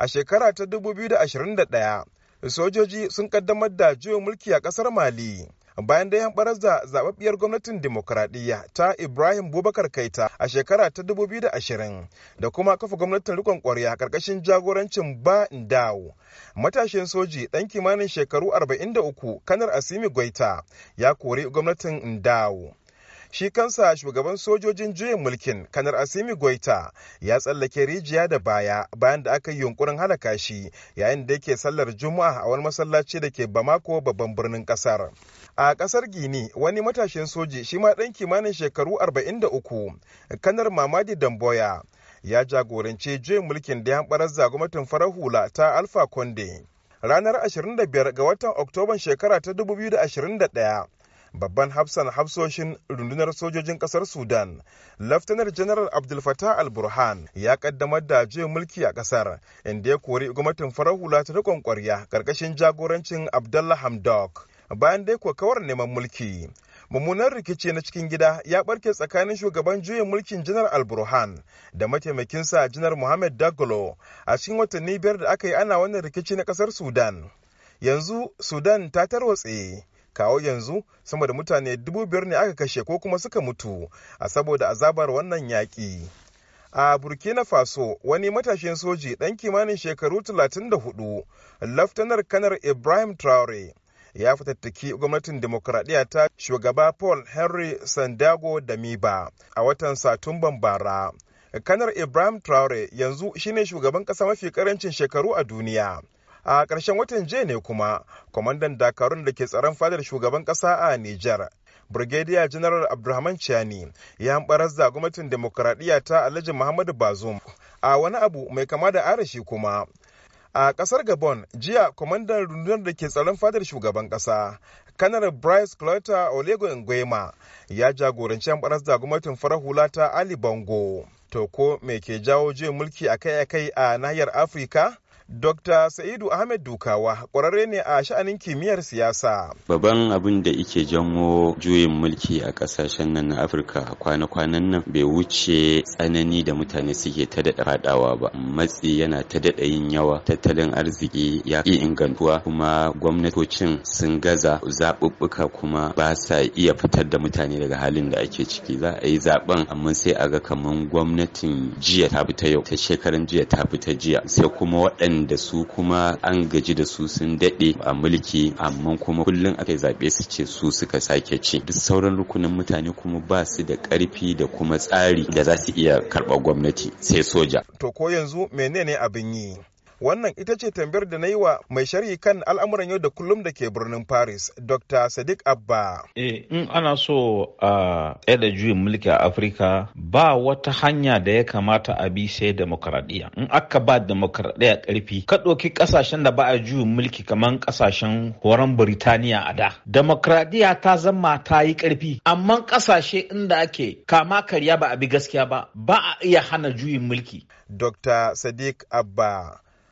a shekara ta 2021 sojoji sun kaddamar da juyin mulki a kasar mali bayan da yan barar da zababbiyar gwamnatin demokuraɗiyya ta ibrahim bubakar kaita a shekara ta 2020 da kuma kafa gwamnatin rikon kwarya karkashin jagorancin ba dawo matashin soji ɗan kimanin shekaru 43 kanar asimi gwaita ya kori gwamnatin ndawo shi kansa shugaban sojojin juyin mulkin kanar asimi goita ya tsallake rijiya da baya bayan da aka yi yunkurin halaka shi yayin da yake sallar juma'a a wani masallaci da ke bamako babban birnin kasar a kasar gini wani matashin soji shi ma ɗan kimanin shekaru 43 kanar mamadi damboya ya jagoranci juyin mulkin da ya barar farar hula ta alfa konde ranar 25 ga watan oktoban shekara ta 2021 babban hafsan hafsoshin rundunar sojojin kasar sudan laftanar janaral abdul fatah al-burhan ya kaddamar da juyin mulki a kasar inda ya kori gwamnatin farar hula ta rikon kwarya karkashin jagorancin abdullah hamdok bayan dai kawar neman mulki mummunan rikici na cikin gida ya barke tsakanin shugaban juyin mulkin janar alburhan da mataimakinsa janar muhammad daglo a cikin watanni biyar da aka yi ana wannan rikici na kasar sudan yanzu sudan ta tarwatse kawo yanzu sama da mutane dubu biyar ne aka kashe ko kuma suka mutu a saboda azabar wannan yaƙi a burkina faso wani matashin soji ɗan kimanin shekaru 34 laftanar kanar ibrahim traore ya fitattaki gwamnatin demokuraɗiyya ta shugaba paul henry sandago da miba a watan satumban bara kanar ibrahim traore yanzu shine shugaban ƙasa mafi karancin shekaru a duniya a ƙarshen watan jiya ne kuma kwamandan dakarun da ke tsaron fadar shugaban ƙasa a nijar Brigadier General Abdulrahman Chani ya hambarar da gwamnatin demokuraɗiyya ta Alhaji Muhammadu Bazoum a wani abu mai kama da arashi kuma. A ƙasar Gabon, jiya kwamandan rundunar da ke tsaron fadar shugaban ƙasa, kanar Bryce Clotta Olego Nguema ya jagoranci hambarar da gwamnatin farar hula ta Ali Bongo. To ko me ke jawo juyin mulki akai-akai a nahiyar Afirka? Dr. Sa'idu Ahmed Dukawa ƙwararre ne a sha'anin kimiyyar siyasa. Babban abin da ike janwo juyin mulki a ƙasashen nan na Afirka kwana-kwanan nan bai wuce tsanani da mutane suke ta daɗa faɗawa ba. Matsi yana ta daɗa yin yawa, tattalin arziki ya ƙi ingantuwa kuma gwamnatocin sun gaza zaɓuɓɓuka kuma ba sa iya fitar da mutane daga halin da ake ciki. Za a yi zaɓen amma sai a ga kamar gwamnatin jiya ta fita yau, ta shekaran jiya ta fita jiya, sai kuma waɗanda da su kuma an gaji da su sun daɗe a mulki amma kuma kullum aka zaɓe su ce su suka sake ci duk sauran rukunin mutane kuma ba su da ƙarfi da kuma tsari da za su iya karɓar gwamnati sai soja to ko yanzu menene abin yi Wannan ita ce tambayar da na yi wa mai sharhi kan al'amuran yau da kullum da ke birnin Paris, Dr. Sadiq Abba. Eh, in ana so a yada juyin mulki a Afirka ba wata hanya da ya kamata a bi sai demokaradiyya. In aka ba demokaradiyya karfi, ka ɗauki ƙasashen da ba a juyin mulki kamar ƙasashen horon Birtaniya a da. Demokaradiyya ta zama ta yi ƙarfi, amma ƙasashe inda ake kama karya ba a bi gaskiya ba, ba a iya hana juyin mulki. Dr. Sadiq Abba.